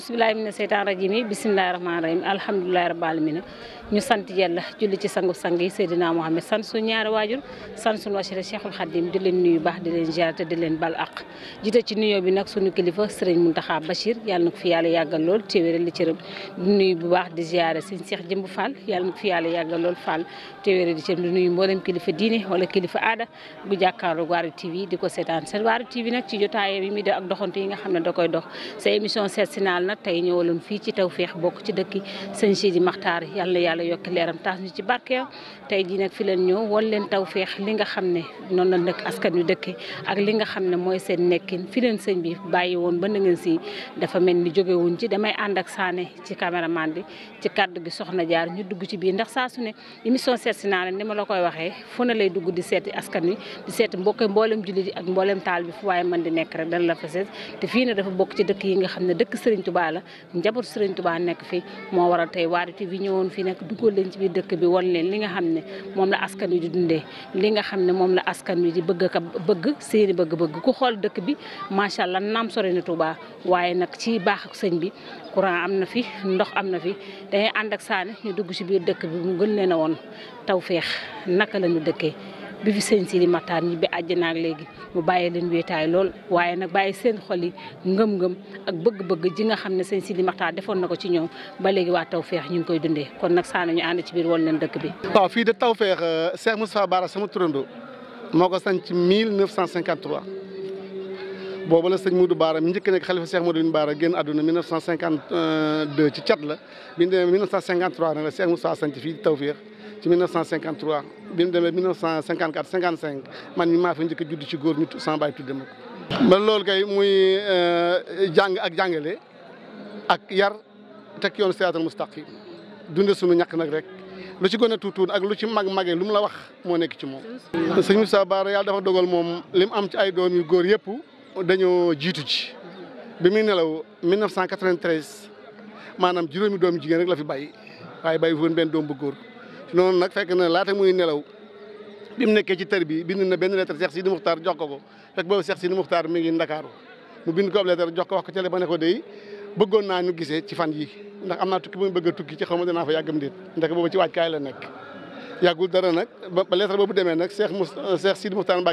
ausbillahi mina seytaan rajim yi bisimilahi rahmaani rahim alhamdulilahi rabbil alamina ñu sant yàlla julli ci sangu sang yi Seydina Mohamed sant suñu ñaari waajur sant suñu wasila Cheikhul Khadim di leen nuyu baax di leen ziar te di leen bal ak jiite ci nuyoo bi nag suñu kilifa sëriñ Muntaxa Bachir yàlla na ko fi yàlla yàggal lool téewéral li di nuyu bu baax di ziare sëñ Cheikh Jëmb Fall yàlla na ko fi yàlla yàggal lool Fall téewéral li cëram di nuyu mboolem kilifa diine wala kilifa aada gu jàkkaarloo Waarwi TV di ko seetaan seen Waarwi TV nag ci jotaay yi mi def ak doxantu yi nga xam ne da koy dox sa émission nag tey ñëwaloon fii ci Tawfekh bokk ci dëkki sëñ Sidi Maxtaar yàlla na yàlla yokk leeram taas ñu ci barkeem tey jii nag fi leen ñëw wol leen Tawfekh li nga xam ne noonu la nag askan wi dëkke ak li nga xam ne mooy seen nekkin fi sëñ bi bàyyi woon ba na ngeen si dafa mel ni jóge wuñ ci damay ànd ak Sané ci caméraman bi ci kàddu gi soxna jaar ñu dugg ci biir ndax saa su ne émission seet naa leen ni ma la koy waxee fu ne lay dugg di seeti askan wi di seeti mbokk mboolem jullit yi ak taal bi di nekk rek dana la fa Sëriñ Tuubaa Touba la njabootu Serigne Touba nekk fi moo waral tey Waarwi TV ñëwoon fi nekk duggal leen ci biir dëkk bi wan leen li nga xam ne moom la askan wi di dundee li nga xam ne moom la askan wi di bëgg ka bëgg seeni bëgg-bëgg ku xool dëkk bi macha allah naam sori na Touba waaye nag ci baax ak sëñ bi courant am na fi ndox am na fi dañuy ànd ak saane ñu dugg ci biir dëkk bi mu gën leen a woon tawféex naka la ñu dëkkee bi fi sii Sidi Maxtaar bi àjjana ak léegi mu bàyyi leen wéetaay lool waaye nag bàyyi seen xol yi ngëm-ngëm ak bëgg-bëgg ji nga xam ne sëñ Sidi Maxtaar defoon na ko ci ñoom ba léegi waa tawfeex ñu ngi koy dundee kon nag saana ñu ànd ci biir woon leen dëkk bi. waaw fii de tawfeex euh, Cheikh Moustapha Bara sama turando moo ko sanc 1953 boobu la sëñ Modou Bara mi njëkk nekk xalifa Cheikh Modou Bin Bara génn àdduna 1952 ci cat la bi ñu ci 1953 bi mu demee 1954 55 man mi maa fa njëkk a judd ci góor ñu sama baay tudde ma ko. ba loolu kay muy euh, jàng ak jàngale ak yar teg yoon siraatal mustaqim dunde suñu ñàkk nag rek lu ci gën a tuutuun ak lu ci mag magee lu mu la wax moo nekk ci moom. sëñ Moussa Bara yàlla dafa dogal moom li mu am ci ay doom yu góor yëpp dañoo jiitu ji bi muy nelaw 1993 maanaam juróomi doom jigéen rek la fi bay waaye bàyyi woon benn doom bu góor. noonu nag fekk na laata muy nelaw bi mu nekkee ci tër bi bind na benn lettre Cheikh Sidi Moukhtar jox ko ko fekk boobu Cheikh Sidi Moukhtar mi ngi Ndakaaru mu bind ko ab naa ñu gisee ci fan yi ndax am naa tukki bëgg a tukki ci xaw ma danaa fa yàggam déet ndax boobu ci waajkaay la nekk yàggul dara nag ba lettre boobu demee nag Cheikh Mous Cheikh Sidi Moukhtar ci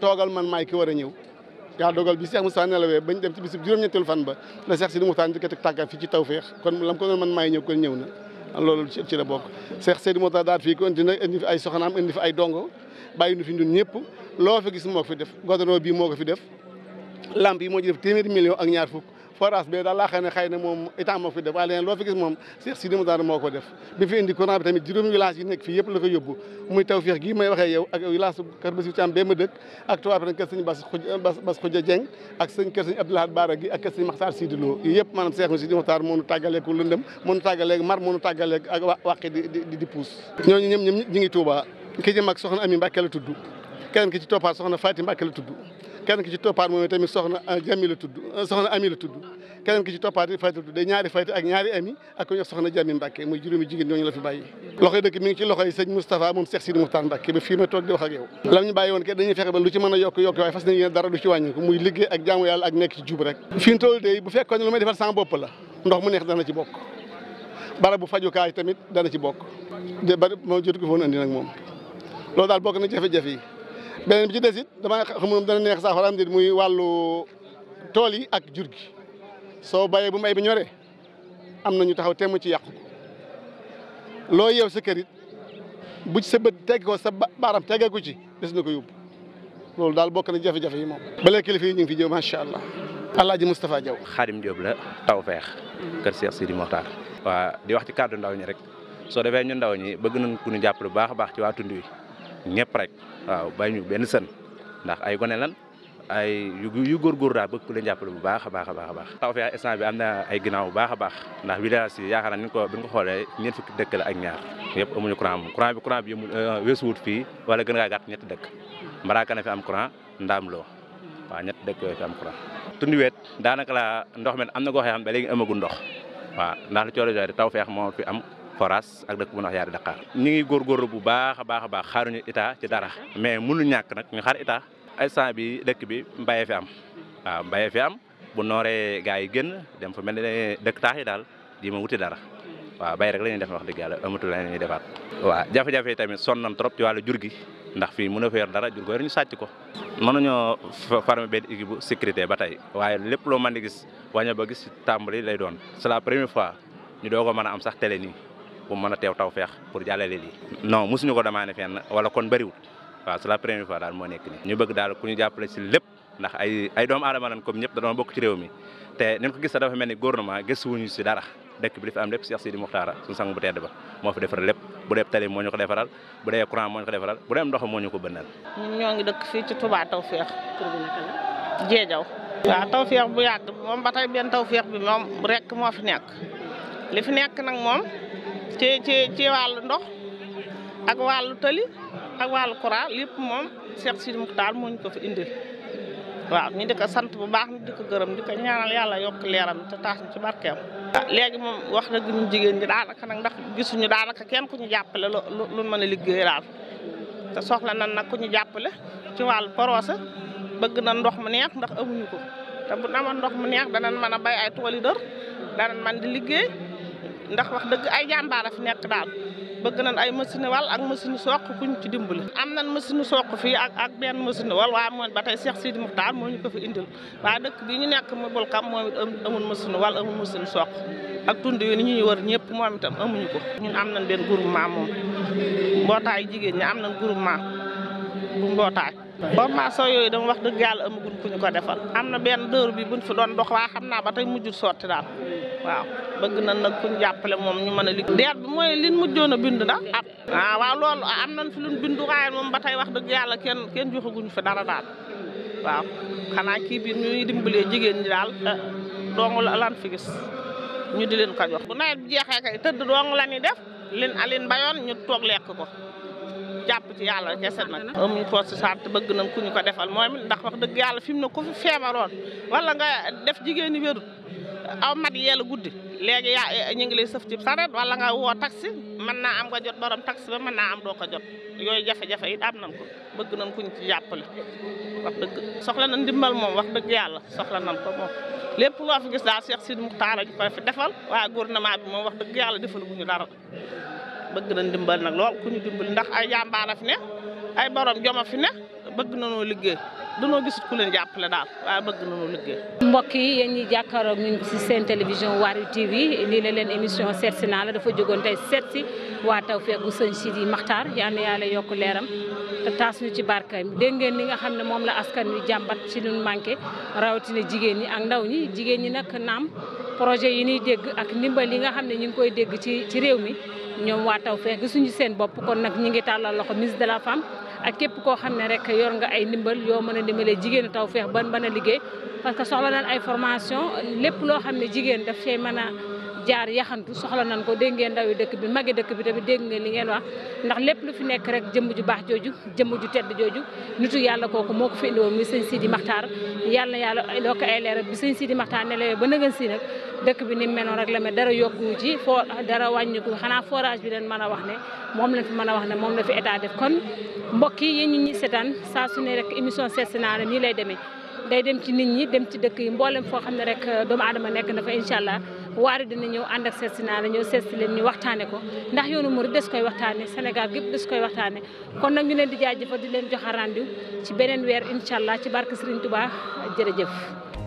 toogal man maay ki war a ñëw yaa dogal bi Cheikh Moustapha nelawee bañ dem ci bisub tàggat fii ci tawfeex kon lam ko man maay ñëw kon ñëw na loolu ci la bokk Cheikh Seydi Moussa daal fii ko indi indi fi ay soxnaam indi fi ay dongo bàyyi nu fi ñun ñëpp loo fi gis moo fi def goudron bii moo ko fi def lamp yi moo ci def téeméeri million ak ñaar fukk forage bi daal laa xam ne xëy na moom état moo fi def waaye leneen loo fi gis moom Cheikh i Mokhtar moo ko def bi fi indi courant bi tamit juróomi village yi nekk fii yëpp la yóbbu muy taw feex gii ma dëkk ak Touba Arène kër kër sëñ mag soxna Ami Mbàkke la tudd kenn ki ci toppaat moom tamit soxna euh, Jami la tudd euh, soxna Ami la tudd keneen ki ci toppaat Faty la tudd ñaari Faty ak ñaari Ami ak ku ñuy soxna Jami Mbacke muy juróomi jigéen ñooñu la fi bàyyi loxoy dëkk ak yow lam ñu bàyyi woon kenn dañuy a yokk yokk waaye fas nañu ne lu may defar sans bopp la ndox mu neex dana ci bokk barab bu fajukaay tamit dana ci bokk de bari moom jot ko foon andi nag moom loolu daal bokk na jafe-jafe yi beneen bi ci des it dama xamul dana neex saafara am déet muy wàllu tool yi ak jur gi soo bayee bu mbay bi ñoree am na ñu taxaw temm ci yàqu ko loo yeew sa kër it bu ci teg ko sa baaram tegee ko ci des na ko yóbbu loolu daal bokk na jafe-jafe yi moom. balee kilifa yi ñu ngi fi jëw macha allah. Alaaji Moustapha Diaw. Xaadim Diop la Tawfeex. kër si di Mokhtar. waa di wax ci kàddu ndaw ñi rek soo defee ñu ndaw ñi bëgg nañ ku ñu jàpp lu baax a baax ci waa tund ñëpp rek waaw bàyyi benn sën ndax ay gone lan ay yu góorgóor daal bëgg ku leen jàppale bu baax a baax a baax a baax taw fi bi am na ay ginnaaw bu baax a baax ndax village yi yaakaar naa ni ko ko xoolee ñeent dëkk la ak ñaar yëpp amuñu courant moom courant bi courant bi yëmul euh, weesuwut fii wala gën ngaa gàtt ñetti dëkk mbaraaka na fi am courant ndaam loo waaw ñetti dëkk yooyu fi am courant daanaka la ndox mi am na gox yoo xam ba léegi amagul ndox wa ndax li coolo joxe taw feex moo fi am forage ak dëkk bu ñu wax yaari Dakar ñu ngi góorgóorlu bu baax a baax a baax xaaruñu état ci dara mais mënu ñàkk nag ñu xaar état instant bi dëkk bi mbayee fi am waaw mbayee fi am bu nooree gaa yi gën dem fa mel ne dëkk taax yi daal di ma wuti dara waaw bay rek la ñuy def wax dëgg yàlla amatul la ñuy defaat waaw jafe-jafe tamit son nañ trop ci wàllu jur gi ndax fii mun a fa dara jur ko ñu sàcc ko mënuñoo farme be équipe bu sécurité ba tey waaye lépp loo mën di gis wàñño ba gis tàmbali lay doon c'est la première fois ñu doo ko mën a am sax télé nii bu mën a teew taw feex pour jàllale lii non mosuñu ko demandé fenn wala kon bëriwut waaw c'est la première fois daal moo nekk ñu bëgg daal ku ñu jàppale si lépp ndax ay ay doomu aadama lañ comme ñëpp dañoo bokk ci réew mi te ni ko gis sax dafa mel ni gouvernement wuñu si dara dëkk bi li fi am lépp Cheikh Sidi Mokhtar suñu sang bu tedd ba moo fi defar lépp bu dee tali moo ñu defaral bu dee courant moo ñu ko ko bënnal ñun ñoo dëkk fii ci Touba Tawfekh tur bi ci ci ndox ak wàllu tëli ak wàllu courant lépp moom Cheikh si Moukhtar moo ñu ko fi indil waaw ñu di ko sant bu baax ñu di gërëm di ko ñaanal yàlla yokk leeram te taas ñu ci barkeem. léegi moom wax na ñu jigéen ñi daanaka nag ndax gisuñu daanaka kenn ku ñu jàppale lu lu mën a liggéey daal te soxla nan nag ku ñu jàppale ci wàllu porosé bëgg na ndox mu neex ndax amuñu ko te bu amoon ndox mu neex danañ mën a bay ay tool yu dër danañ mën di liggéey. ndax wax dëgg ay jàmbaar a fi nekk daal bëgg nañ ay machine wal ak machine soq kuñ ci dimbali. am na nañ machine soq fii ak ak benn machine wal waaye moom ba seex Cheikh Sidi Muxtaar moo ñu ko fi indil waaye dëkk bi ñu nekk mu Bulkam moom it amul machine wal amul machine soq ak tund yi ñu ñu wër ñëpp moom itam ko. ñun am nañ benn groupement moom mbootaayu jigéen ñi am nañ groupement bu mbootaay. formation yooyu dama wax dëgg yàlla amaguñ ku ñu ko defal am na benn dër bi buñ fi doon dox waa xam naa ba tey mujjul sotti daal waaw. bëgg nañ nag ku jàppale moom ñu mën a liggéey deet bi mooy liñ mujjoon a bind da ab ah. ah waaw loolu am nañ fi luñ bind waaye moom ba tey wax dëgg yàlla kenn kenn joxaguñu fi dara daal waaw xanaa kii bi ñuy dimbalee jigéen ñi daal eh, dong la lan fi gis ñu di leen ko jox bu nawet bi jeexee kay tëdd dong la ñuy def lin alin bayoon ñu toog lekk ko jàpp ci yàlla kese nag amuñ poos si sant bëgg nañ ku ñu ko defal mooy ndax wax dëgg yàlla fi mu ne ko feebaroon wala nga def jigéen wérut aw mat yella guddi léegi yaa eh, ñu ngi lay sëf ci wala nga woo taxi man naa am nga jot borom taxi ba man naa am doo ko jot yooyu jafe-jafe yi am nañ ko bëgg nañ kuñ ci jàppale wax dëgg soxla nañ ndimbal moom wax dëgg yàlla soxla nañ ko moom lépp loo fi gis daal seex Sidi Moukhtar ji ko fi defal waaye gouvernement bi moom wax dëgg yàlla defal gu ñu dara bëgg nañ ndimbal na lool ku ñu ndax ay jàmbaar a fi ne ay borom joma fi ne bëgg nañoo liggéey danoo gisut ku leen jàppale daal waaye bëgg nañu liggéey. mbokk yi yéen ñi jàkkaaroog ñun ci seen télévision Waarwi TV lii la leen émission seet naa la dafa jógoon tey seet si waa Tawfekh bu sëñ Sidi Maxtaar yal na yàlla yokk leeram te taas ñu ci barkeem dégg ngeen li nga xam ne moom la askan wi jàmbat ci lu manqué rawatina jigéen ñi ak ndaw ñi jigéen ñi nag naam projet yi ñuy dégg ak ndimbal yi nga xam ne ñu ngi koy dégg ci ci réew mi ñoom waa Tawfekh gisuñu seen bopp kon nag ñi ngi tàllal loxo ministre de la femme ak képp koo xam ne rek yor nga ay ndimbal yoo mën a dimbalee jigéenu feex ban ban a liggéey parce que soxla nañ ay formation lépp loo xam ne jigéen daf cay mën jaar yaxantu soxla nañ ko dégg ngeen ndawi dëkk bi magi dëkk bi tamit dégg ngeen li ngeen wax ndax lépp lu fi nekk rek jëmm ju baax jooju jëmm ju tedd jooju nitu yàlla kooku moo ko fi indi woon muy sëñ Sidi Maxtaar yàlla na yàlla loo ko ay leeral bi sëñ Sidi Maxtaar ne la ba na si nag dëkk bi ni mu meloon rek la dara yokku ci foo dara wàññiku xanaa forage bi leen mën a wax ne moom lañ fi mën a wax ne moom la fi état def kon mbokk yi yéen ñu ñi seetaan saa su ne rek émission seet si naa nii lay demee day dem ci nit ñi dem ci dëkk yi mboolem foo xam ne rek doomu adama nekk na fa incha allah waari dina ñëw ànd ak seet naa la ñëw seet si leen ñu waxtaane ko ndax yoonu murid des koy waxtaane Sénégal gépp des koy waxtaane kon nag ñu leen di jaajëfal di leen jox rendez ci beneen weer incha allah ci barke Serigne Touba jërëjëf